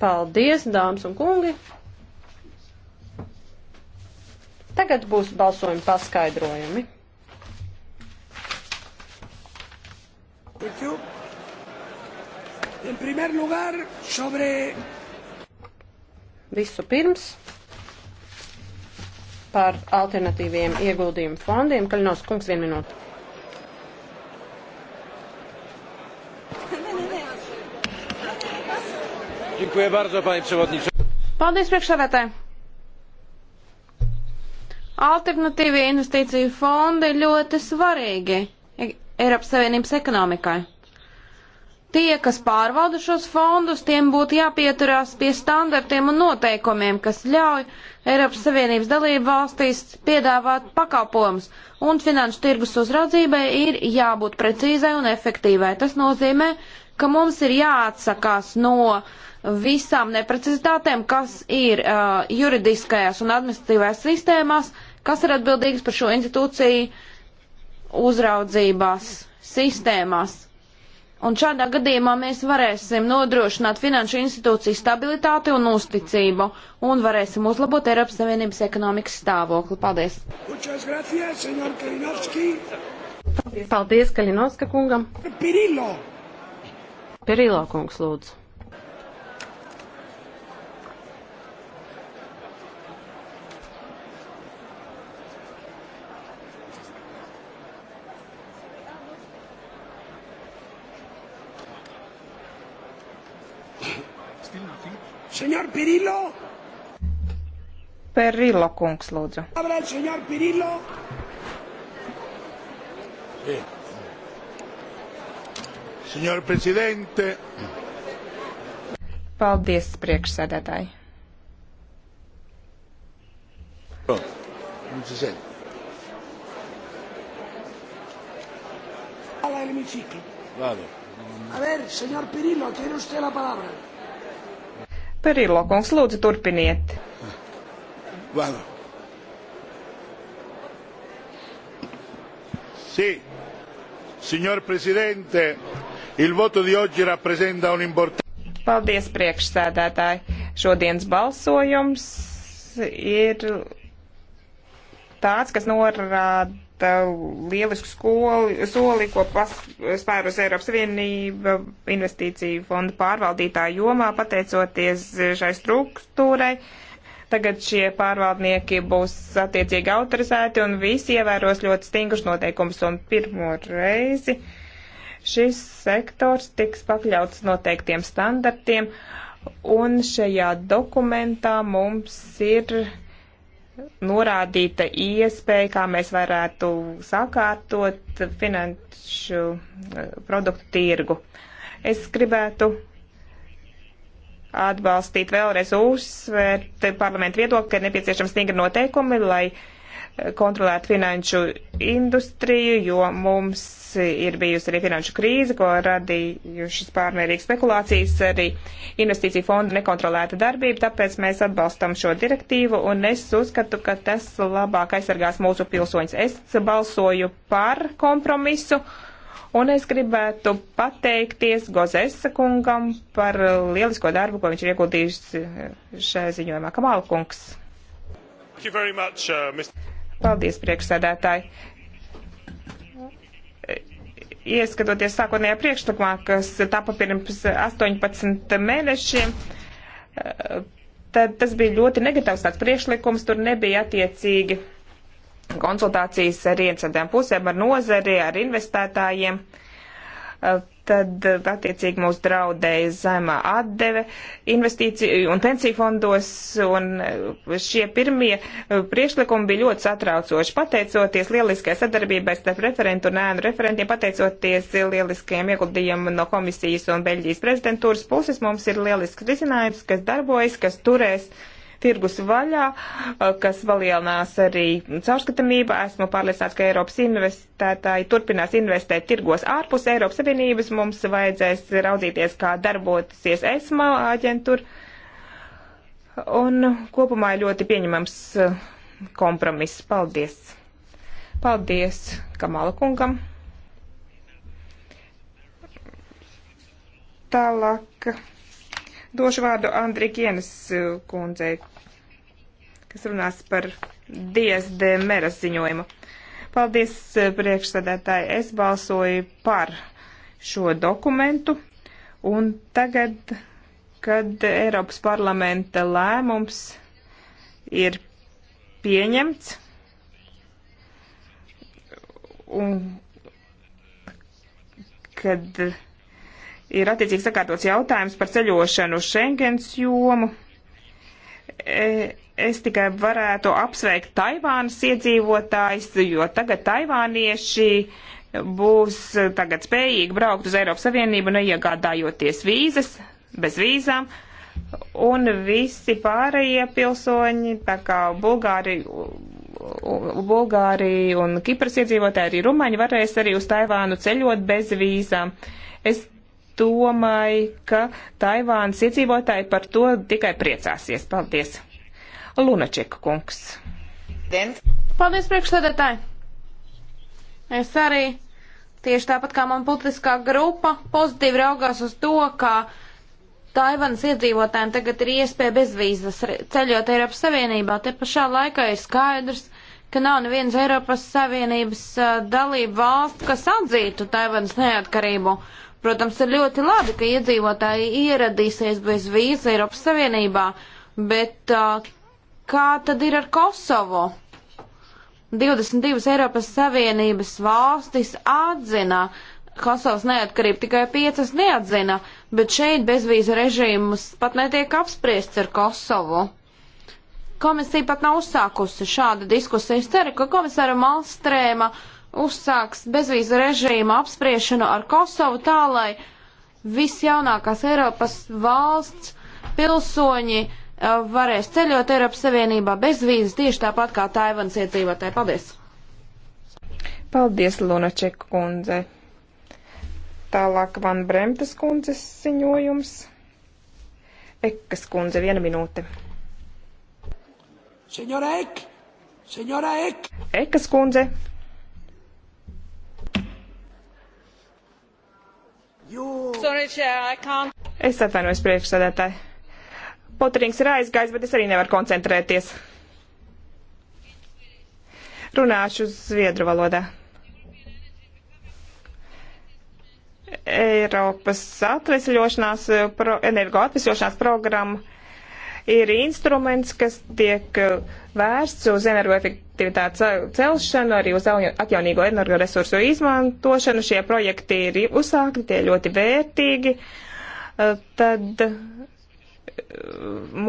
Paldies, dāmas un kungi! Tagad būs balsojumi paskaidrojumi. Thank you. En primer lugar, sobre... Visu pirms par alternatīviem ieguldījumu fondiem. Kaļinos kungs, vienu minūtu. Dziękuję bardzo, panie przewodniczący. Paldies, priekšsēdētāji! Alternatīvie investīciju fondi ir ļoti svarīgi e- Eiropas Savienības ekonomikai. Tie, kas pārvalda šos fondus, tiem būtu jāpieturās pie standartiem un noteikumiem, kas ļauj Eiropas Savienības dalību valstīs piedāvāt pakalpojumus, un finanšu tirgus uzraudzībai ir jābūt precīzai un efektīvai. Tas nozīmē, ka mums ir jāatsakās no uh, visām neprecizitātēm, kas ir uh, juridiskajās un administratīvajās sistēmās, kas ir atbildīgs par šo institūciju uzraudzībās sistēmās. Un šādā gadījumā mēs varēsim nodrošināt finanšu institūciju stabilitāti un uzticību un varēsim uzlabot Eiropas Savienības ekonomikas stāvokli. Paldies! Gracias, Paldies, Kaļinovska kungam! Pirilo! Pirilo kungs lūdzu! Senor Pirillo. Perillo kungs, lūdzu. Abra, senor Pirillo. Sí. Senor Presidente. Paldies, priekšsēdētāji. Non si sente. Alla dell'emiciclo. Vado. A ver, signor Pirillo, tiene usted la parola. Perilo kungs, lūdzu, turpiniet. Vado. Sì, signor Presidente, il voto di oggi rappresenta un importante. Paldies, priekšsēdētāji. Šodienas balsojums ir tāds, kas norāda Eh, lielisku skoli, soli, ko spērus Eiropas Savienība investīciju fondu pārvaldītāju jomā, pateicoties eh, šai struktūrai. Tagad šie pārvaldnieki būs attiecīgi autorizēti un visi ievēros ļoti stingrus noteikumus un pirmo reizi šis sektors tiks pakļauts noteiktiem standartiem un šajā dokumentā mums ir norādīta iespēja, kā mēs varētu sakārtot finanšu eh, produktu tirgu. Es gribētu atbalstīt vēlreiz uzsvērt parlamentu viedokli, ka ir nepieciešams stingri noteikumi, lai uh, kontrolēt finanšu industriju, jo mums ir bijusi arī finanšu krīze, ko radījušas pārmērīgas spekulācijas, arī investīciju fonda nekontrolēta darbība, tāpēc mēs atbalstam šo direktīvu un es uzskatu, ka tas labāk aizsargās mūsu pilsoņus. Es balsoju par kompromisu. Un es gribētu pateikties Gozesa kungam par lielisko darbu, ko viņš ir ieguldījis eh, šajā ziņojumā. Kamāla kungs. Thank you very much, uh, Mr. Paldies, priekšsēdētāji. Ieskatoties sākotnējā priekšlikumā, kas tapa pirms 18 mēnešiem, tad tas bija ļoti negatīvs tāds priekšlikums, tur nebija attiecīgi konsultācijas ar iencēdām pusēm, ar nozari, ar investētājiem tad eh, attiecīgi mūs draudēja zemā atdeve investīciju un pensiju fondos, un eh, šie pirmie eh, priekšlikumi bija ļoti satraucoši. Pateicoties lieliskai sadarbībai starp referentu un ēnu referentiem, pateicoties lieliskajiem ieguldījumiem no komisijas un Beļģijas prezidentūras puses, mums ir lielisks risinājums, kas darbojas, kas turēs tirgus vaļā, kas palielinās arī caurskatamību. Esmu pārliecināts, ka Eiropas investētāji turpinās investēt tirgos ārpus Eiropas Savienības. Mums vajadzēs raudzīties, kā darbotasies ESMA aģentūra. Un kopumā ļoti pieņemams kompromiss. Paldies! Paldies Kamala kungam! Tālāk. Došu vārdu Andri Kienas uh, kundzei, kas runās par DSD meras ziņojumu. Paldies, uh, priekšsēdētāji. Es balsoju par šo dokumentu. Un tagad, kad Eiropas parlamenta lēmums ir pieņemts, un kad ir attiecīgi sakārtots jautājums par ceļošanu uz Schengens jomu. E, es tikai varētu apsveikt Taivānas iedzīvotājs, jo tagad taivānieši būs tagad spējīgi braukt uz Eiropas Savienību, neiegādājoties vīzas, bez vīzām, un visi pārējie pilsoņi, tā kā Bulgāri, Bulgāri un Kipras iedzīvotāji, arī Rumaņi varēs arī uz Taivānu ceļot bez vīzām. Es domāju, ka Taivānas iedzīvotāji par to tikai priecāsies. Paldies! Lunačeka kungs. Paldies, priekšsēdētāji! Es arī tieši tāpat kā man politiskā grupa pozitīvi raugās uz to, ka Taivānas iedzīvotājiem tagad ir iespēja bezvīzas ceļot Eiropas Savienībā. Te pašā laikā ir skaidrs, ka nav nevienas Eiropas Savienības uh, dalība valsts, kas atzītu Taivānas neatkarību. Protams, ir ļoti labi, ka iedzīvotāji ieradīsies bez vīza Eiropas Savienībā, bet uh, kā tad ir ar Kosovo? 22 Eiropas Savienības valstis atzina Kosovas neatkarību, tikai 5 neatzina, bet šeit bezvīza režīmus pat netiek apspriests ar Kosovu. Komisija pat nav uzsākusi šādu diskusiju. Es ceru, ka komisāra Malstrēma uh, uzsāks bezvīzu režīmu apspriešanu ar Kosovu tā, lai visjaunākās Eiropas valsts pilsoņi uh, varēs ceļot Eiropas Savienībā bez vīzes tieši tāpat kā Taivans iedzīvotāji. Paldies! Paldies, Lunačeka kundze! Tālāk Van Bremtas kundzes ziņojums. Ekas kundze, viena minūte. Senora Ek! Senora Ek! Ekas kundze! Sorry, chair, es atvainojos priekšsēdētāji. Potrings ir aizgājis, bet es arī nevaru koncentrēties. Runāšu zviedru valodā. Eiropas atvesļošanās, pro, energo atvesļošanās programma ir instruments, kas tiek uh, vērsts uz energoefektivitātes celšanu, arī uz atjaunīgo energoresursu izmantošanu. Šie projekti ir uzsākti, tie ļoti vērtīgi. Uh, tad uh,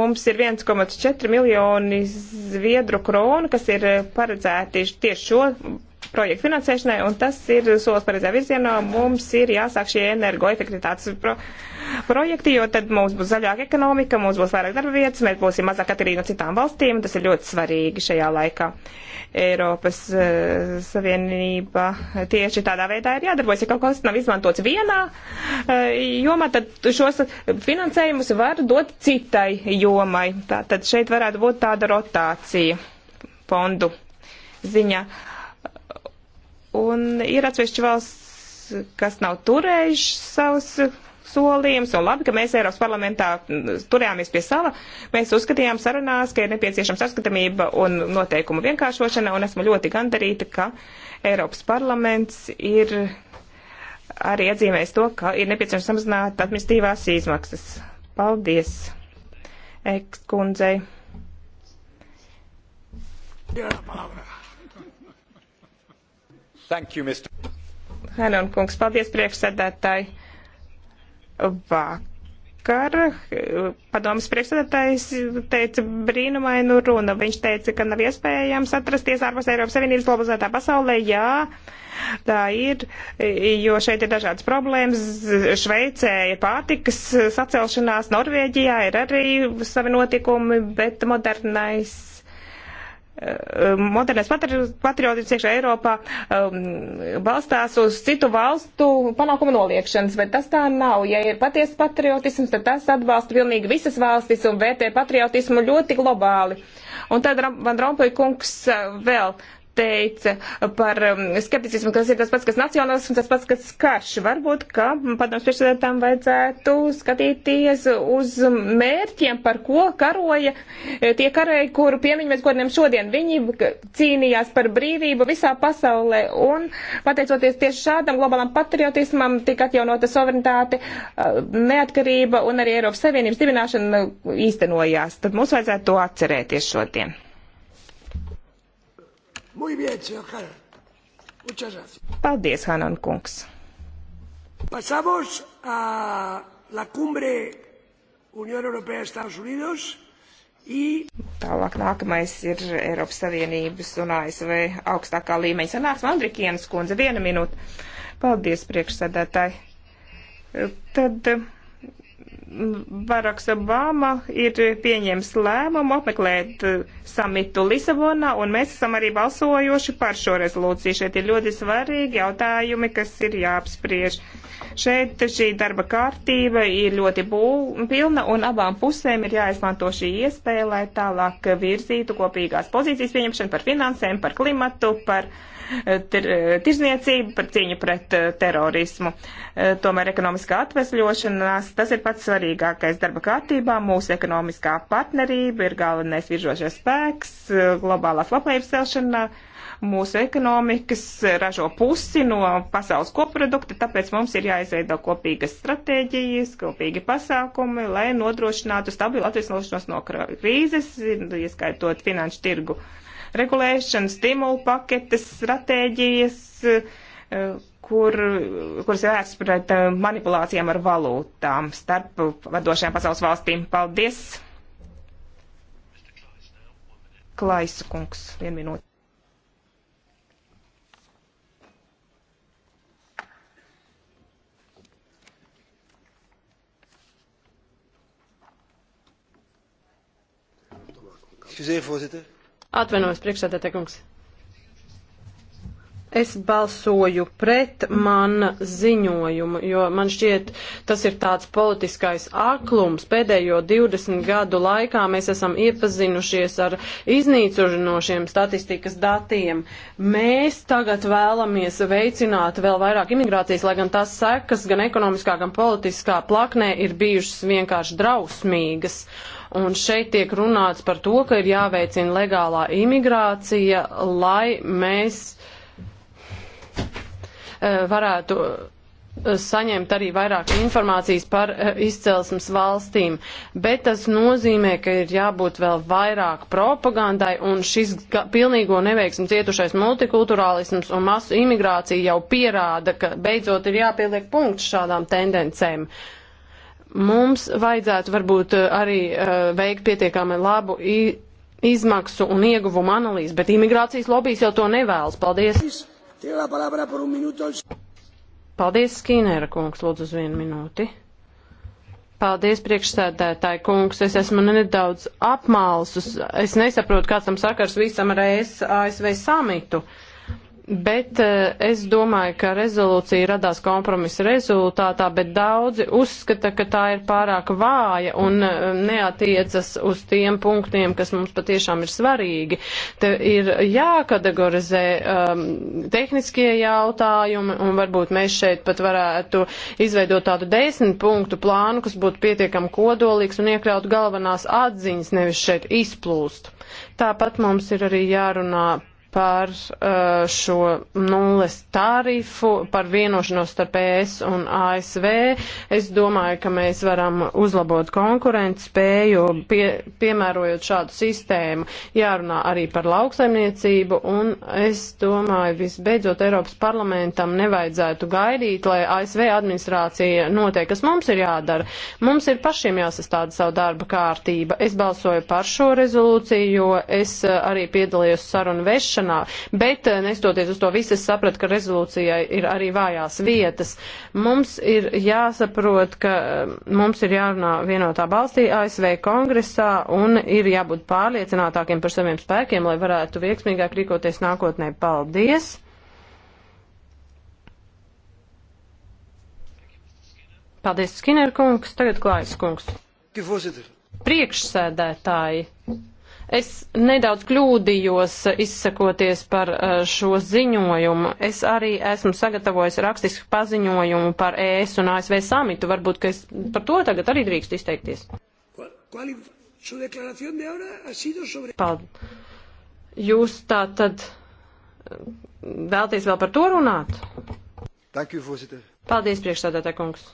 mums ir 1,4 miljoni zviedru kronu, kas ir paredzēti tieši šo projektu finansēšanai, un tas ir solis pareizā virzienā. Mums ir jāsāk šie energoefektivitātes pro projekti, jo tad mums būs zaļāka ekonomika, mums būs vairāk darba vietas, mēs būsim mazāk atkarīgi no citām valstīm, un tas ir ļoti svarīgi šajā laikā. Eiropas uh, Savienība tieši tādā veidā ir jādarbojas. Ja kaut kas nav izmantots vienā uh, jomā, tad šos finansējumus var dot citai jomai. Tātad šeit varētu būt tāda rotācija fondu ziņā. Un ir atsevišķi valsts, kas nav turējuši savus solījums, un labi, ka mēs Eiropas parlamentā turējāmies pie sava. Mēs uzskatījām sarunās, ka ir nepieciešama saskatamība un noteikumu vienkāršošana, un esmu ļoti gandarīta, ka Eiropas parlaments ir arī atzīmējis to, ka ir nepieciešams samazināt administratīvās izmaksas. Paldies, ekskundzei. Jā, palabra. You, Hanon kungs, paldies priekšsēdētāji. Vakar eh, padomas priekšsēdētājs teica brīnumainu runu. Viņš teica, ka nav iespējams atrasties ārpus Eiropas Savienības globalizētā pasaulē. Jā, tā ir, jo šeit ir dažādas problēmas. Šveicē ir pārtikas sacelšanās, Norvēģijā ir arī savi notikumi, bet modernais Um, modernais patriotisms iekšā Eiropā um, balstās uz citu valstu panākumu noliekšanas, bet tas tā nav. Ja ir patiesa patriotisms, tad tas atbalsta pilnīgi visas valstis un vērtē patriotismu ļoti globāli. Un tad Van Rompuy kungs uh, vēl teica par um, skepticismu, kas ir tas pats, kas nacionālisms, tas pats, kas karš. Varbūt, ka padoms priekšsēdētām vajadzētu skatīties uz mērķiem, par ko karoja e, tie karēji, kuru piemiņu mēs godinām šodien. Viņi cīnījās par brīvību visā pasaulē un, pateicoties tieši šādam globālam patriotismam, tika atjaunota suverenitāte, e, neatkarība un arī Eiropas Savienības dibināšana e, īstenojās. Tad mums vajadzētu to atcerēties šodien. Muy bien, señor Hanan. Muchas gracias. Paldies, Hanan kungs. Pasamos a la cumbre Unión Europea-Estados Unidos. I... Tālāk nākamais ir Eiropas Savienības un ASV augstākā līmeņa sanāksme Andrikienas kundze. Viena minūte. Paldies, priekšsēdētāji. Tad Baraks Obama ir pieņēmis lēmumu apmeklēt eh, samitu Lisabonā, un mēs esam arī balsojoši par šo rezolūciju. Šeit ir ļoti svarīgi jautājumi, kas ir jāapspriež. Šeit šī darba kārtība ir ļoti būl, pilna, un abām pusēm ir jāizmanto šī iespēja, lai tālāk virzītu kopīgās pozīcijas pieņemšanu par finansēm, par klimatu, par uh, tir, tirzniecību, par cīņu pret eh, terorismu. Eh, tomēr ekonomiskā atvesļošanās, tas ir pats svarīgākais darba kārtībā. Mūsu ekonomiskā partnerība ir galvenais viržošais spēks eh, globālās labklājības celšanā. Mūsu ekonomikas ražo pusi no pasaules koprodukta, tāpēc mums ir jāizveido kopīgas stratēģijas, kopīgi pasākumi, lai nodrošinātu stabilu atvisnošanos no krīzes, ieskaitot finanšu tirgu uh, regulēšanu, stimulu paketes, stratēģijas, eh, kur, kuras ir vērsts pret eh, manipulācijām ar valūtām starp vadošajām pasaules valstīm. Paldies! Klaisa kungs, vienu minūti. excuseer voorzitter. Atvainojos, priekšsēdētāj kungs. Es balsoju pret mana ziņojumu, jo man šķiet, tas ir tāds politiskais aklums. Pēdējo 20 gadu laikā mēs esam iepazinušies ar iznīcošinošiem statistikas datiem. Mēs tagad vēlamies veicināt vēl vairāk imigrācijas, lai gan tās sekas gan ekonomiskā, gan politiskā plaknē ir bijušas vienkārši drausmīgas. Uh, Un šeit tiek runāts par to, ka ir jāveicina legālā imigrācija, lai mēs eh, varētu eh, saņemt arī vairāk informācijas par eh, izcelsmes valstīm, bet tas nozīmē, ka ir jābūt vēl vairāk propagandai, un šis pilnīgo neveiksmi cietušais multikulturālisms un masu imigrācija jau pierāda, ka beidzot ir jāpieliek punkts šādām tendencēm. Uh, Mums vajadzētu varbūt eh, arī uh, veikt pietiekami labu izmaksu un ieguvumu analīzi, bet imigrācijas lobijas jau to nevēlas. Paldies! Paldies, Skīnēra kungs, lūdzu uz vienu minūti. Paldies, priekšsēdētāji kungs. Es esmu nedaudz apmālsus. Es nesaprotu, kāds tam sakars visam ar e ASV samitu. Uh, Bet eh, es domāju, ka rezolūcija radās kompromisa rezultātā, bet daudzi uzskata, ka tā ir pārāk vāja un eh, neatiecas uz tiem punktiem, kas mums patiešām ir svarīgi. Te ir jākategorizē um, tehniskie jautājumi un varbūt mēs šeit pat varētu izveidot tādu desmit punktu plānu, kas būtu pietiekami kodolīgs un iekļaut galvenās atziņas, nevis šeit izplūst. Tāpat mums ir arī jārunā par uh, šo nulles tarifu, par vienošanos starp ES un ASV. Es domāju, ka mēs varam uzlabot konkurences spēju, pie, piemērojot šādu sistēmu. Jārunā arī par lauksaimniecību, un es domāju, visbeidzot, Eiropas parlamentam nevajadzētu gaidīt, lai ASV administrācija notiek, kas mums ir jādara. Mums ir pašiem jāsastāda savu darba kārtība. Es balsoju par šo rezolūciju, jo es uh, arī piedalījos sarunu vešanā balsošanā, bet eh, nestoties uz to visu, es sapratu, ka rezolūcijai ir arī vājās vietas. Mums ir jāsaprot, ka eh, mums ir jārunā vienotā balstī ASV kongresā un ir jābūt pārliecinātākiem par saviem spēkiem, lai varētu veiksmīgāk rīkoties nākotnē. Paldies! Paldies, Skinner kungs. Tagad klājas kungs. Priekšsēdētāji, Es nedaudz kļūdījos eh, izsakoties par eh, šo ziņojumu. Es arī esmu sagatavojis rakstisku paziņojumu par ES un ASV samitu. Varbūt, ka es par to tagad arī drīkst izteikties. Paldies. Jūs tā tad eh, vēlties vēl par to runāt? Paldies, priekšstādātā kungs.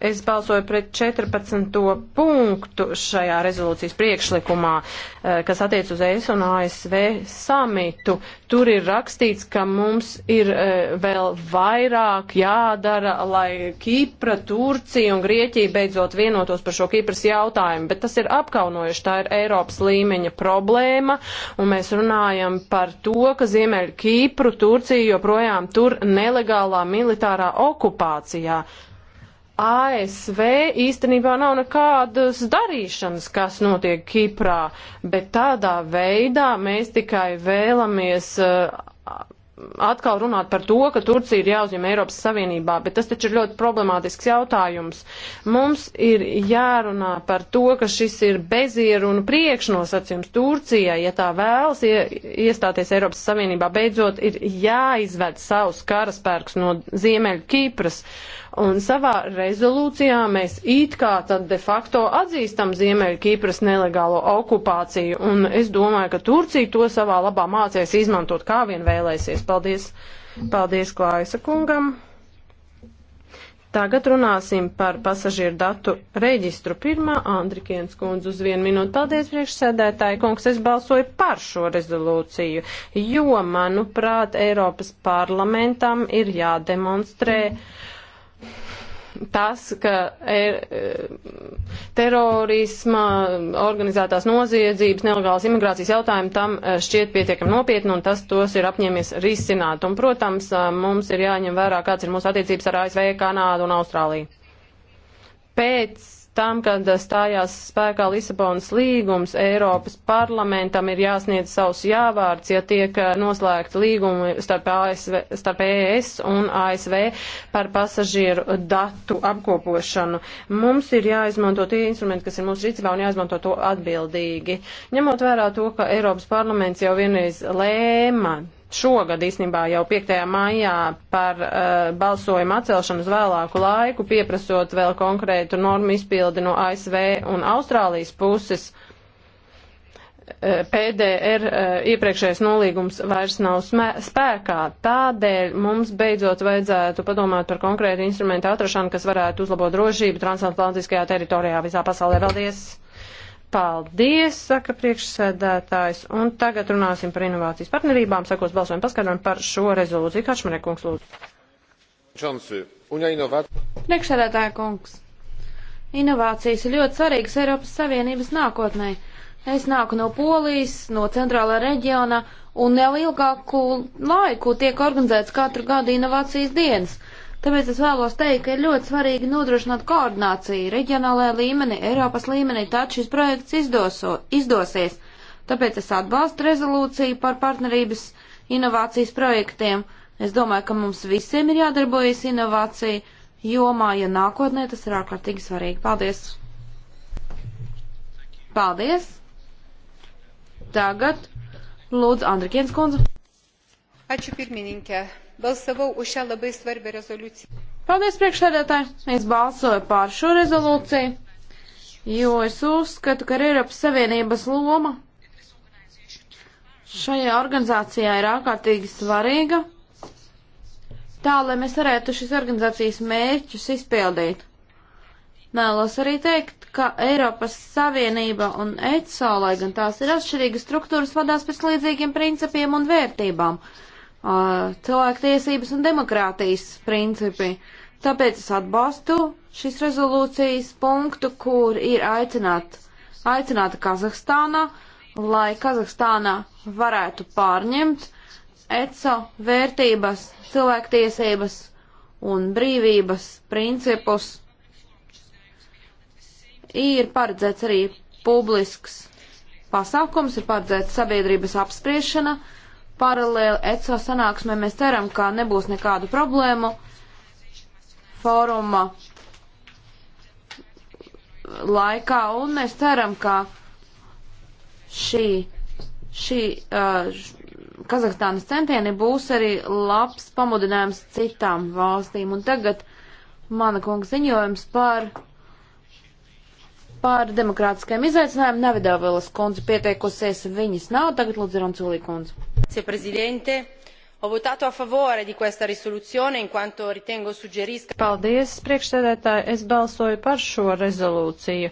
Es balsoju pret 14. punktu šajā rezolūcijas priekšlikumā, eh, kas attiec uz ES un ASV samitu. Tur ir rakstīts, ka mums ir eh, vēl vairāk jādara, lai Kipra, Turcija un Grieķija beidzot vienotos par šo Kipras jautājumu, bet tas ir apkaunojuši. Tā ir Eiropas līmeņa problēma, un mēs runājam par to, ka Ziemeļ Kipru, Turcija joprojām tur nelegālā militārā okupācijā. ASV īstenībā nav nekādas darīšanas, kas notiek Kiprā, bet tādā veidā mēs tikai vēlamies uh, atkal runāt par to, ka Turcija ir jāuzņem Eiropas Savienībā, bet tas taču ir ļoti problemātisks jautājums. Mums ir jārunā par to, ka šis ir bezierunu priekšnosacījums Turcijai, ja tā vēlas ja iestāties Eiropas Savienībā, beidzot ir jāizved savus karaspērks no Ziemeļu Kīpras. Uh, Un savā rezolūcijā mēs it kā tad de facto atzīstam Ziemeļkīpras nelegālo okupāciju, un es domāju, ka Turcija to savā labā mācēs izmantot, kā vien vēlēsies. Paldies, paldies Klājasa kungam. Tagad runāsim par pasažieru datu reģistru. Pirmā Andrikienas kundze uz vienu minūti. Paldies, priekšsēdētāji kungs, es balsoju par šo rezolūciju, jo, manuprāt, Eiropas parlamentam ir jādemonstrē. Mm tas, ka er, terorisma, organizētās noziedzības, nelegālas imigrācijas jautājumi tam e, šķiet pietiekami nopietni un tas tos ir apņēmies risināt. Un, protams, e, mums ir jāņem vērā, kāds ir mūsu attiecības ar ASV, Kanādu un Austrāliju. Pēc tam, kad stājās spēkā Lisabonas līgums, Eiropas parlamentam ir jāsniedz savus jāvārds, ja tiek eh, noslēgta līguma starp, ASV, starp ES un ASV par pasažieru datu apkopošanu. Mums ir jāizmanto tie instrumenti, kas ir mūsu rīcībā un jāizmanto to atbildīgi. Ņemot vērā to, ka Eiropas parlaments jau vienreiz lēma šogad īstenībā jau 5. maijā par uh, balsojumu atcelšanu uz vēlāku laiku, pieprasot vēl konkrētu normu izpildi no ASV un Austrālijas puses. Uh, eh, PDR uh, eh, iepriekšējais nolīgums vairs nav spēkā. Tādēļ mums beidzot vajadzētu padomāt par konkrētu instrumentu atrašanu, kas varētu uzlabot drošību transatlantiskajā teritorijā visā pasaulē. Paldies! Paldies, saka priekšsēdētājs. Un tagad runāsim par inovācijas partnerībām. Sakos balsojumu paskaidrojumu par šo rezolūciju. Kačmanē kungs lūdzu. Priekšsēdētāja kungs. Inovācijas ir ļoti svarīgas Eiropas Savienības nākotnē. Es nāku no Polijas, no centrālā reģiona, un jau ilgāku laiku tiek organizēts katru gadu inovācijas dienas. Tāpēc es vēlos teikt, ka ir ļoti svarīgi nodrošināt koordināciju reģionālajā līmenī, Eiropas līmenī, tad šis projekts izdoso, izdosies. Tāpēc es atbalstu rezolūciju par partnerības inovācijas projektiem. Es domāju, ka mums visiem ir jādarbojas inovācija jomā, ja nākotnē tas ir ārkārtīgi svarīgi. Paldies! Paldies! Tagad lūdzu Andrikienas kundze. Ačiū pirmininkė balsavau už šią labai svarbią rezoliuciją. Paldies priekšsēdētāji, es balsoju pār šo rezolūciju, jo es uzskatu, ka Eiropas Savienības loma šajā organizācijā ir ārkārtīgi svarīga, tā lai mēs varētu šīs organizācijas mērķus izpildīt. Mēlos arī teikt, ka Eiropas Savienība un ECO, lai gan tās ir atšķirīgas struktūras, vadās pēc līdzīgiem principiem un vērtībām uh, cilvēktiesības un demokrātijas principi. Tāpēc es atbalstu šis rezolūcijas punktu, kur ir aicināt, aicināta Kazahstāna, lai Kazahstāna varētu pārņemt ECO vērtības, cilvēktiesības un brīvības principus. Ir paredzēts arī publisks pasākums, ir paredzēta sabiedrības apspriešana. Uh, Paralēli ECO sanāksmē mēs ceram, ka nebūs nekādu problēmu fóruma laikā, un mēs ceram, ka šī, šī uh, Kazahstānas centieni būs arī labs pamudinājums citām valstīm. Un tagad mana kungs ziņojums par, par demokrātiskajiem izaicinājumiem. Nevidāvēlas kundze pieteikusies, viņas nav, tagad lūdzu Ranculī kundze. Grazie, Presidente. Ho votato a favore di questa risoluzione in quanto ritengo suggerisca. Paldies, priekšsēdētāji, es balsoju par šo rezolūciju,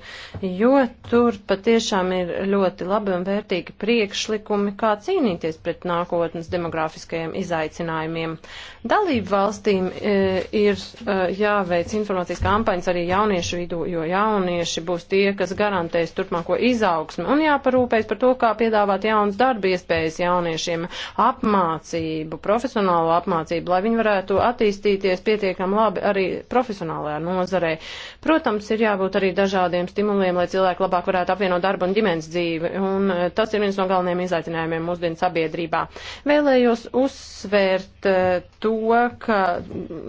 jo tur patiešām ir ļoti labi un vērtīgi priekšlikumi, kā cīnīties pret nākotnes demografiskajiem izaicinājumiem. Dalību valstīm e, ir e, jāveic informācijas kampaņas arī jauniešu vidū, jo jaunieši būs tie, kas garantēs turpmāko izaugsmu un jāparūpēs par to, kā piedāvāt jaunas darba iespējas jauniešiem, apmācību darbu, profesionālo apmācību, lai viņi varētu attīstīties pietiekam labi arī profesionālajā nozarē. Protams, ir jābūt arī dažādiem stimuliem, lai cilvēki labāk varētu apvienot darbu un ģimenes dzīvi, un eh, tas ir viens no galvenajiem izaicinājumiem mūsdienu sabiedrībā. Vēlējos uzsvērt eh, to, ka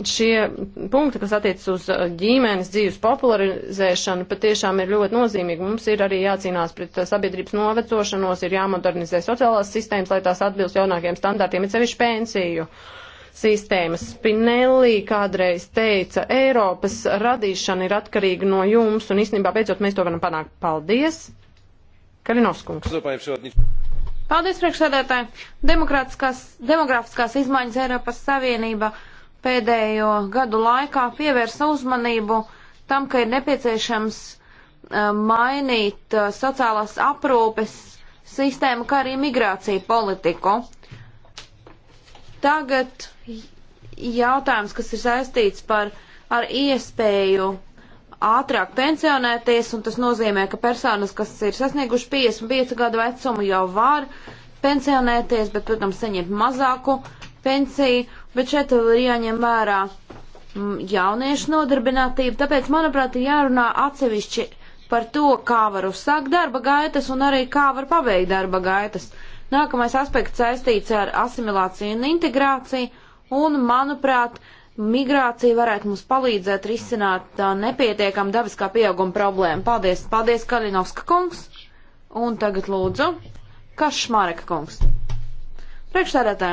šie punkti, kas attiec uz eh, ģimenes dzīves popularizēšanu, patiešām ir ļoti nozīmīgi. Mums ir arī jācīnās pret sabiedrības novecošanos, ir jāmodernizē sociālās sistēmas, lai tās atbilst jaunākiem standartiem, ir sevišķi pēļņi pensiju sistēmas. Spinelli kādreiz teica, Eiropas radīšana ir atkarīga no jums, un īstenībā beidzot mēs to varam panākt. Paldies! Kalinovskungs. Paldies, priekšsēdētāji! Demografiskās izmaiņas Eiropas Savienība pēdējo gadu laikā pievērsa uzmanību tam, ka ir nepieciešams uh, mainīt uh, sociālās aprūpes sistēmu, kā arī migrāciju politiku. Tagad jautājums, kas ir saistīts par, ar iespēju ātrāk pensionēties, un tas nozīmē, ka personas, kas ir sasnieguši 55 gadu vecumu, jau var pensionēties, bet, protams, saņemt mazāku pensiju, bet šeit vēl ir jāņem vērā mm, jauniešu nodarbinātība, tāpēc, manuprāt, ir jārunā atsevišķi par to, kā var uzsākt darba gaitas un arī kā var pabeigt darba gaitas. Uh, Nākamais aspekts saistīts ar asimilāciju un integrāciju, un, manuprāt, migrācija varētu mums palīdzēt risināt nepietiekam dabiskā pieauguma problēmu. Paldies, paldies Kaļinovska kungs, un tagad lūdzu, Kašmareka kungs. Priekšsēdētē,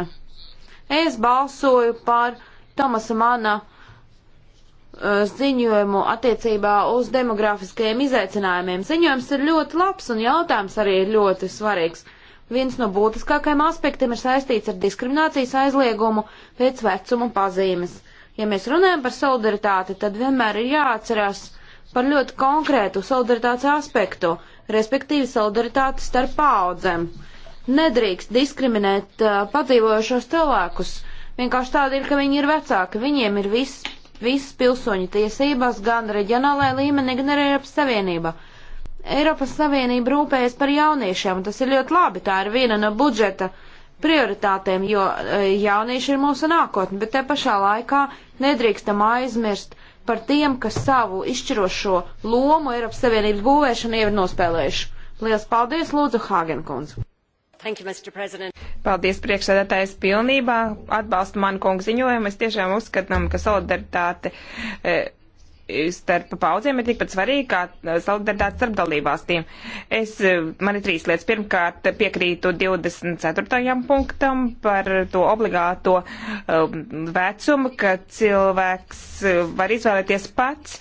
es balsoju par Tomasa Mana uh, ziņojumu attiecībā uz demografiskajiem izaicinājumiem. Ziņojums ir ļoti labs un jautājums arī ir ļoti svarīgs. Viens no būtiskākajiem aspektiem ir saistīts ar diskriminācijas aizliegumu pēc vecuma pazīmes. Ja mēs runājam par solidaritāti, tad vienmēr ir jāatcerās par ļoti konkrētu solidaritātes aspektu, respektīvi solidaritāti starp paudzēm. Nedrīkst diskriminēt uh, padzīvojušos cilvēkus. Vienkārši tāda ir, ka viņi ir vecāki, viņiem ir viss, visas pilsoņu tiesības gan reģionālajā līmenī, gan arī Eiropas Savienībā. Eiropas Savienība rūpējas par jauniešiem, un tas ir ļoti labi. Tā ir viena no budžeta prioritātēm, jo e, jaunieši ir mūsu nākotne, bet te pašā laikā nedrīkstam aizmirst par tiem, kas savu izšķirošo lomu Eiropas Savienības būvēšanu jau ir nospēlējuši. Lielas paldies, Lūdzu, Hāgenkundz! You, Paldies priekšsēdētājs pilnībā. Atbalstu manu kungu ziņojumu. Es tiešām uzskatām, ka solidaritāte. E, starp paudzēm ir tikpat svarīgi kā eh, solidaritāte starp dalībvalstīm. Es, eh, man ir trīs lietas. Pirmkārt, piekrītu 24. punktam par to obligāto um, vecumu, ka cilvēks var izvēlēties pats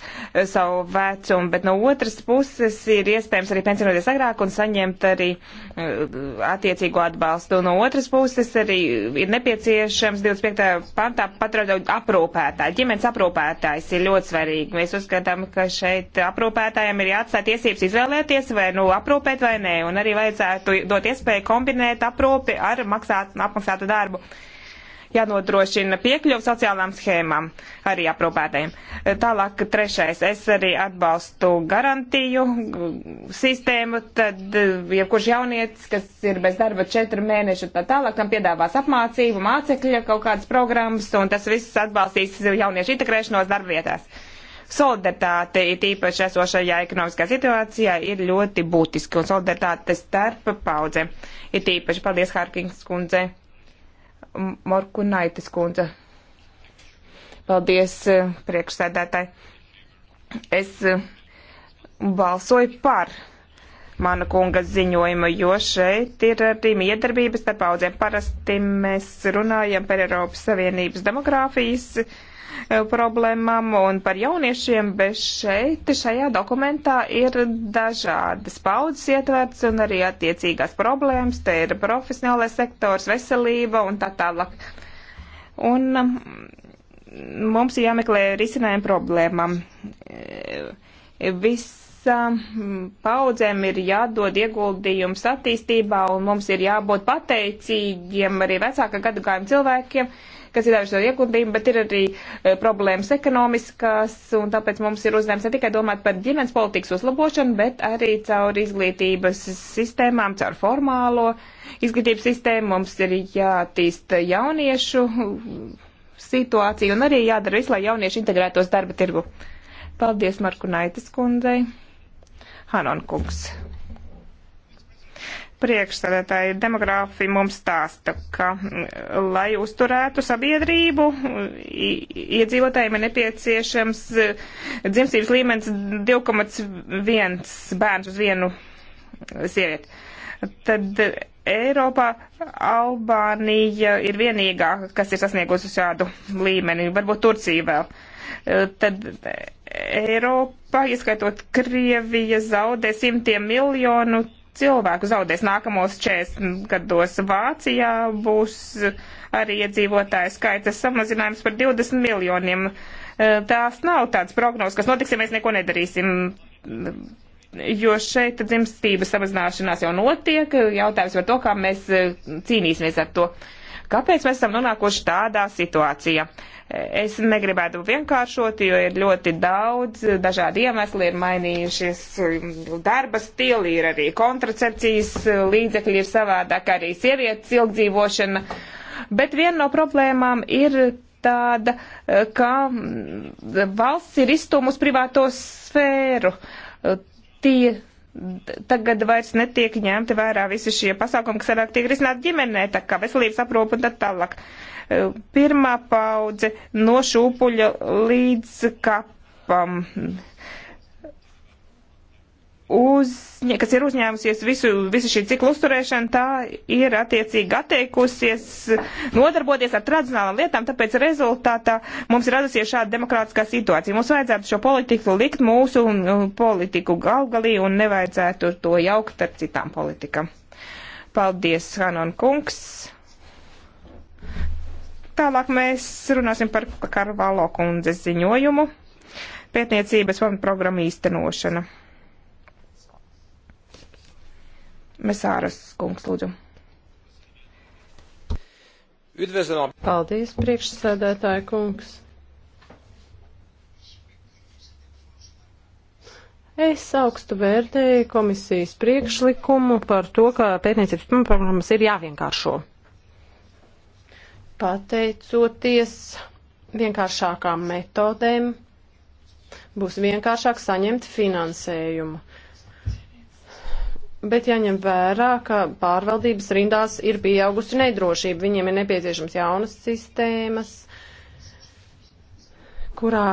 savu vecumu, bet no otras puses ir iespējams arī pensionēties agrāk un saņemt arī uh, attiecīgo atbalstu. No otras puses arī ir nepieciešams 25. pantā patraudot aprūpētāju. Ģimenes aprūpētājs ir ļoti svarīgi Mēs uzskatām, ka šeit aprūpētājiem ir jāatstāj tiesības izvēlēties, vai nu aprūpēt vai nē, un arī vajadzētu dot iespēju kombinēt aprūpi ar maksāt, apmaksātu darbu jānodrošina piekļuva sociālām schēmām arī aprūpētājiem. Tālāk trešais, es arī atbalstu garantiju sistēmu, tad jebkurš ja jaunietis, kas ir bez darba četru mēnešu, tā tālāk tam piedāvās apmācību, mācekļa kaut kādas programmas, un tas viss atbalstīs jauniešu integrēšanos darbvietās solidaritāte, tīpaši esošajā ekonomiskā situācijā, ir ļoti būtiski, un solidaritāte starp paudzēm ir tīpaši. Paldies, Hārkings kundze, Morku Naitis kundze. Paldies, eh, priekšsēdētāji. Es eh, balsoju par mana kunga ziņojumu, jo šeit ir arī miedarbības starp paudzēm. Parasti mēs runājam par Eiropas Savienības demogrāfijas Eh, problēmām un par jauniešiem, bet šeit šajā dokumentā ir dažādas paudzes ietverts un arī attiecīgās problēmas. Te ir profesionālais sektors, veselība un tā tālāk. Un mm, mums jāmeklē risinājumi problēmām. Eh, Viss mm, paudzēm ir jādod ieguldījums attīstībā, un mums ir jābūt pateicīgiem arī vecāka gadagājuma cilvēkiem, kas ir devuši savu ieguldījumu, bet ir arī e, problēmas ekonomiskās, un tāpēc mums ir uzdevums ne tikai domāt par ģimenes politikas uzlabošanu, bet arī caur izglītības sistēmām, caur formālo izglītības sistēmu mums ir jātīst jauniešu situāciju un arī jādara visu, lai jaunieši integrētos darba tirgu. Paldies Marku Naitas kundzei. Hanon kungs priekšsēdētāji demogrāfi mums stāsta, ka, mm, lai uzturētu sabiedrību, iedzīvotājiem ir nepieciešams mm, dzimstības līmenis 2,1 bērns uz vienu mm, sievieti. Tad Eiropā Albānija ir vienīgā, kas ir sasniegusi šādu līmeni, varbūt Turcija vēl. Tad Eiropa, ieskaitot Krievija, zaudē simtiem miljonu cilvēku zaudēs nākamos 40 gados. Vācijā būs arī iedzīvotāju skaita samazinājums par 20 miljoniem. E, tās nav tādas prognozes, kas notiks, ja mēs neko nedarīsim. Jo šeit dzimstības samazināšanās jau notiek. Jautājums par to, kā mēs e, cīnīsimies ar to. Uh, Kāpēc mēs esam nonākuši tādā situācijā? Es negribētu vienkāršot, jo ir ļoti daudz dažādi iemesli, ir mainījušies um, darba stili, ir arī kontracepcijas līdzekļi, ir savādāk arī sievietes ilgdzīvošana. Bet viena no problēmām ir tāda, ka mm, valsts ir izstūmus privāto sfēru. Tie tagad vairs netiek ņemti vērā visi šie pasākumi, kas agrāk tiek risināti ģimenē, tā kā veselības aprūpa un tā tālāk. E, Pirmā paudze no šūpuļa līdz kapam uz, kas ir uzņēmusies visu, visu šī ciklu uzturēšanu, tā ir attiecīgi atteikusies nodarboties ar tradicionālām lietām, tāpēc rezultātā mums ir radusies šāda demokrātiskā situācija. Mums vajadzētu šo politiku likt mūsu politiku galgalī un nevajadzētu to jaukt ar citām politikām. Paldies, Hanon kungs. Tālāk mēs runāsim par Karvalo kundzes ziņojumu. Pētniecības programmu īstenošana. Mesāras kungs, lūdzu. Üdvözlöm! Paldies, priekšsēdētāja kungs! Es augstu vērtēju komisijas priekšlikumu par to, ka pētniecības programmas ir jāvienkāršo. Pateicoties vienkāršākām metodēm, būs vienkāršāk saņemt finansējumu bet jāņem vērā, ka pārvaldības rindās ir pieaugusi nedrošība. Viņiem ir nepieciešams jaunas sistēmas, kurā,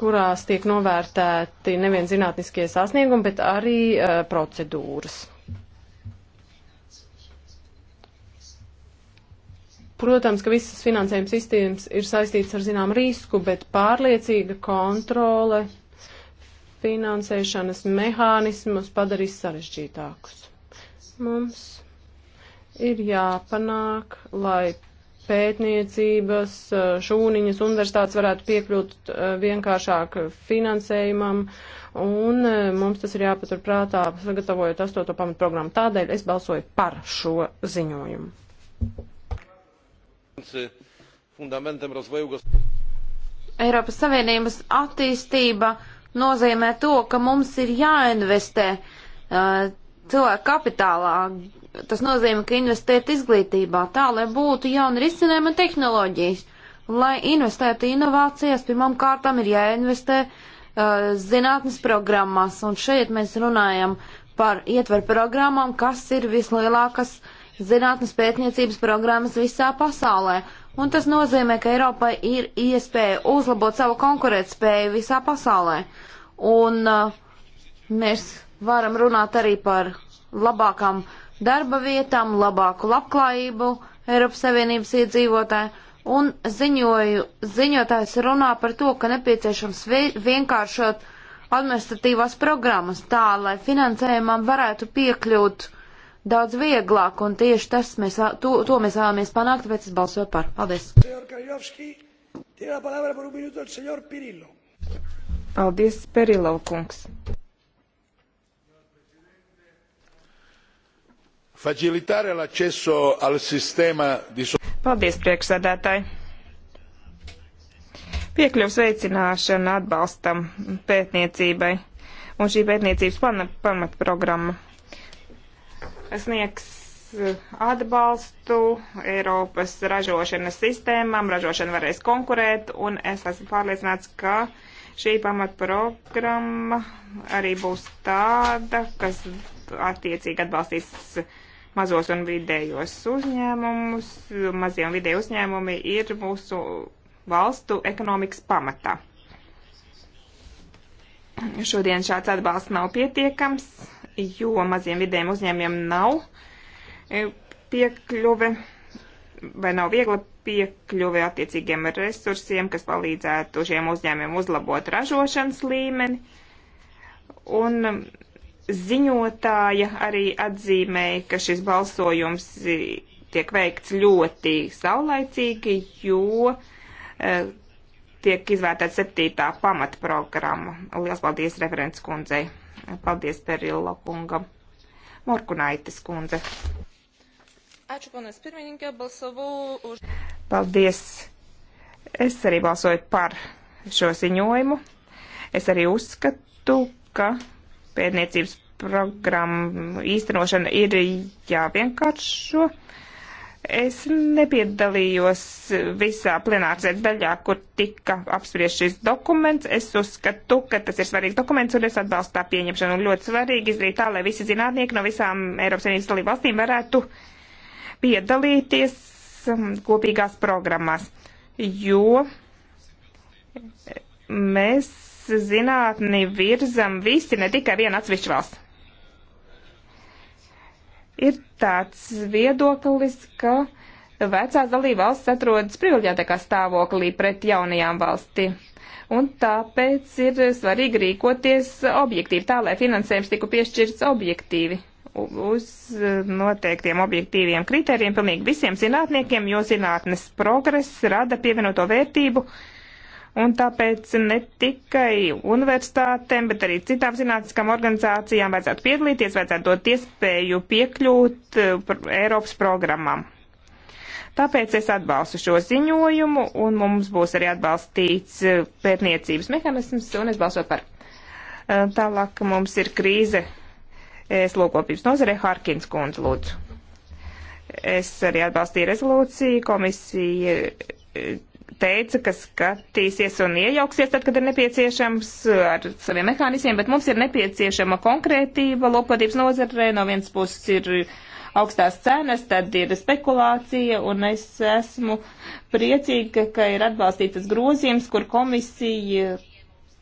kurās tiek novērtēti nevien zinātniskie sasniegumi, bet arī uh, procedūras. Protams, ka visas finansējuma sistēmas ir saistītas ar zinām risku, bet pārliecīga kontrole finansēšanas mehānismus padarīs sarežģītākus. Mums ir jāpanāk, lai pētniecības eh, šūniņas universitātes varētu piekļūt eh, vienkāršāk finansējumam, un eh, mums tas ir jāpatur prātā, sagatavojot astoto pamatprogrammu. Tādēļ es balsoju par šo ziņojumu. Fundamentam rozvoju. Eiropas Savienības attīstība nozīmē to, ka mums ir jāinvestē uh, cilvēku kapitālā. Tas nozīmē, ka investēt izglītībā tā, lai būtu jauni risinājumi un tehnoloģijas. Lai investētu inovācijās, pirmām kārtām ir jāinvestē uh, zinātnes programmās, un šeit mēs runājam par ietveru programmām, kas ir vislielākas zinātnes pētniecības programmas visā pasaulē. Uh, un tas nozīmē, ka Eiropai ir iespēja uzlabot savu konkurētspēju visā pasaulē. Un uh, mēs varam runāt arī par labākām darba vietām, labāku labklājību Eiropas Savienības iedzīvotāju. Un ziņoju, ziņotājs runā par to, ka nepieciešams vienkāršot administratīvās programmas tā, lai finansējumam varētu piekļūt uh, daudz vieglāk, un tieši tas mēs, to, to mēs vēlamies panākt, tāpēc es balsoju par. Paldies! Paldies, Perilov kungs! Facilitare l'accesso al sistema di... Paldies, priekšsēdētāji! Piekļuvs veicināšana atbalstam pētniecībai un šī pētniecības pamatprogramma. Pamat sniegs eh, atbalstu Eiropas ražošanas sistēmām, ražošana varēs konkurēt, un es esmu pārliecināts, ka šī pamatprogramma arī būs tāda, kas attiecīgi atbalstīs mazos un vidējos uzņēmumus. Mazie un vidēji uzņēmumi ir mūsu valstu ekonomikas pamatā. Šodien šāds atbalsts nav pietiekams, jo maziem vidējiem uzņēmiem nav e, piekļuve vai nav viegla piekļuve attiecīgiem resursiem, kas palīdzētu šiem uzņēmiem uzlabot ražošanas līmeni. Un um, ziņotāja arī atzīmēja, ka šis balsojums tiek veikts ļoti saulaicīgi, jo e, tiek izvērtēta septītā pamatprogramma. Lielas paldies referents kundzei. Paldies Perilla kungam. Morkunaitis kundze. Ačiū, panas pirmininkė, balsavau už. Paldies. Es arī balsoju par šo ziņojumu. Es arī uzskatu, ka pētniecības programmu īstenošana ir jāvienkāršo. Ja Es nepiedalījos visā plenārsēdes daļā, kur tika apspriest šis dokuments. Es uzskatu, ka tas ir svarīgs dokuments un es atbalstu tā pieņemšanu. Un ļoti svarīgi izdarīt tā, lai visi zinātnieki no visām Eiropas Savienības dalību valstīm varētu piedalīties um, kopīgās programmās, jo mēs zinātni virzam visi, ne tikai viena atsevišķa valsts ir tāds viedoklis, ka vecās dalība valsts atrodas privileģētākā stāvoklī pret jaunajām valstīm. Un tāpēc ir svarīgi rīkoties objektīvi, tā lai finansējums tiku piešķirts objektīvi uz noteiktiem objektīviem kritērijiem pilnīgi visiem zinātniekiem, jo zinātnes progress rada pievienoto vērtību uh, Un tāpēc ne tikai universitātēm, bet arī citām zinātniskām organizācijām vajadzētu piedalīties, vajadzētu dot iespēju piekļūt eh, Eiropas programmām. Tāpēc es atbalstu šo ziņojumu, un mums būs arī atbalstīts eh, pētniecības mehānisms, un es balsoju par. Eh, tālāk mums ir krīze slokopības nozarē Harkins kundze lūdzu. Es arī atbalstīju rezolūciju, komisija teica, ka skatīsies un iejauksies tad, kad ir nepieciešams uh, ar saviem mehānismiem, bet mums ir nepieciešama konkrētība lopatības nozarē. No vienas puses ir augstās cenas, tad ir spekulācija, un es esmu priecīga, ka ir atbalstītas grozījums, kur komisija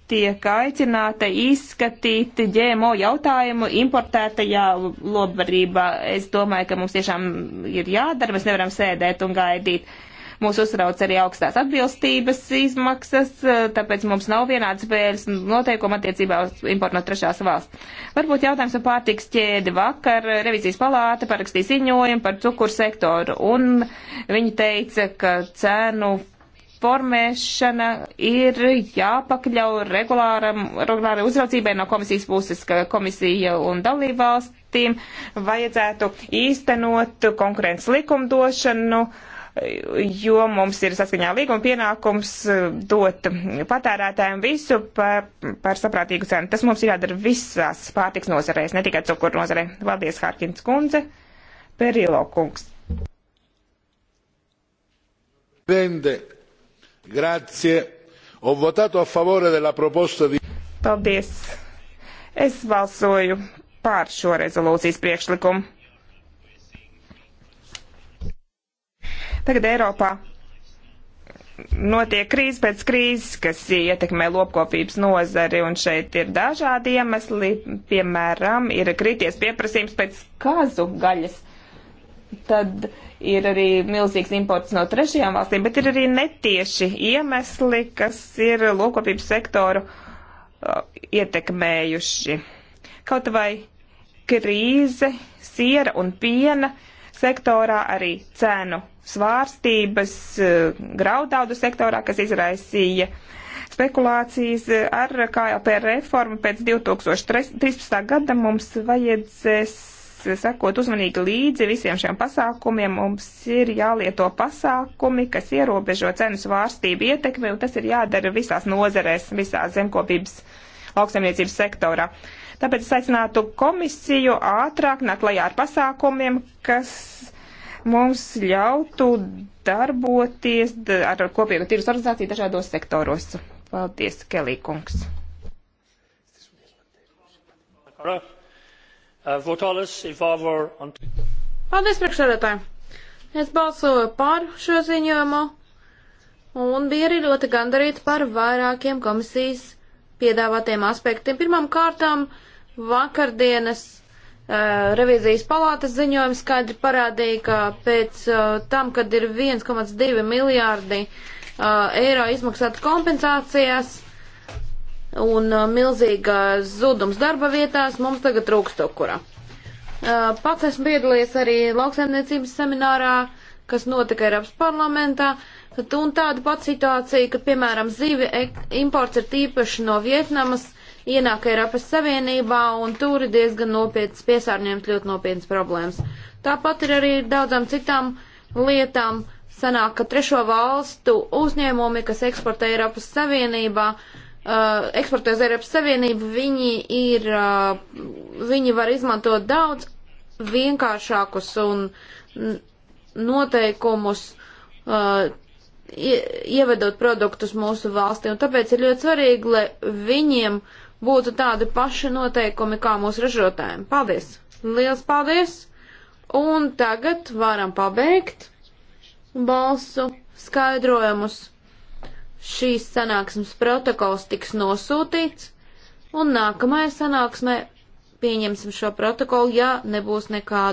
tiek aicināta izskatīt ģēmo jautājumu importētajā lobvarībā. Es domāju, ka mums tiešām ir jādara, mēs nevaram sēdēt un gaidīt. Uh, Mūs uzrauc arī augstās atbilstības izmaksas, eh, tāpēc mums nav vienāds spēles noteikuma attiecībā uz importu no trešās valsts. Varbūt jautājums par pārtiks ķēdi vakar. Revizijas palāta parakstīja ziņojumu par cukuru sektoru, un viņi teica, ka cēnu formēšana ir jāpakļauj regulārai uzraudzībai no komisijas puses, ka komisija un dalībvalstīm vajadzētu īstenot konkurences likumdošanu. Uh, jo mums ir saskaņā līguma pienākums eh, dot patērētājiem visu par, par saprātīgu cenu. Tas mums ir jādara visās pārtiks nozarēs, ne tikai cukuru nozarē. Valdies, Hārkins kundze, Perilo kungs. Bende. Grazie. Ho votato a favore della proposta di. Paldies. Es balsoju pār šo rezolūcijas priekšlikumu Tagad Eiropā notiek krīze pēc krīzes, kas ietekmē lopkopības nozari, un šeit ir dažādi iemesli. Piemēram, ir krities pieprasījums pēc kazu gaļas. Tad ir arī milzīgs imports no trešajām valstīm, bet ir arī netieši iemesli, kas ir lopkopības sektoru uh, ietekmējuši. Kaut vai krīze, siera un piena uh, sektorā, arī cenu svārstības eh, graudaudu sektorā, kas izraisīja spekulācijas ar KLP reformu pēc 2013. gada mums vajadzēs sekot uzmanīgi līdzi visiem šiem pasākumiem. Mums ir jālieto pasākumi, kas ierobežo cenu svārstību ietekmi, un tas ir jādara visās nozerēs, visās zemkopības lauksaimniecības sektorā. Uh, Tāpēc es aicinātu komisiju ātrāk nāk lajā ar pasākumiem, kas mums ļautu darboties ar kopīgu tirgus organizāciju dažādos sektoros. Paldies, Kelī kungs. Paldies, priekšsēdētāji! Es balsoju par šo ziņojumu un bija arī ļoti gandarīta par vairākiem komisijas piedāvātiem aspektiem. Pirmām kārtām vakardienas uh, revīzijas palātas ziņojums skaidri parādīja, ka pēc uh, tam, kad ir 1,2 miljārdi uh, eiro izmaksāta kompensācijās un uh, milzīga zudums darba vietās, mums tagad trūkst okura. Uh, pats esmu piedalījies arī lauksaimniecības seminārā, kas notika Eiropas parlamentā. Un tāda pati situācija, ka, piemēram, zīve imports ir tīpaši no Vietnamas, ienāk Eiropas Savienībā, un tur ir diezgan nopietnas piesārņojums, ļoti nopietnas problēmas. Tāpat ir arī daudzām citām lietām. Sanāk, ka trešo valstu uzņēmumi, kas eksportē Eiropas Savienībā, uh, eksportē uz Eiropas Savienību, viņi, ir, uh, viņi var izmantot daudz vienkāršākus un noteikumus, uh, ievedot produktus mūsu valstī. Un tāpēc ir ļoti svarīgi, lai viņiem būtu tādi paši noteikumi kā mūsu ražotājiem. Paldies! Liels paldies! Un tagad varam pabeigt balsu skaidrojumus. Šīs sanāksmes protokols tiks nosūtīts, un nākamajā sanāksmē pieņemsim šo protokolu, ja nebūs nekādu.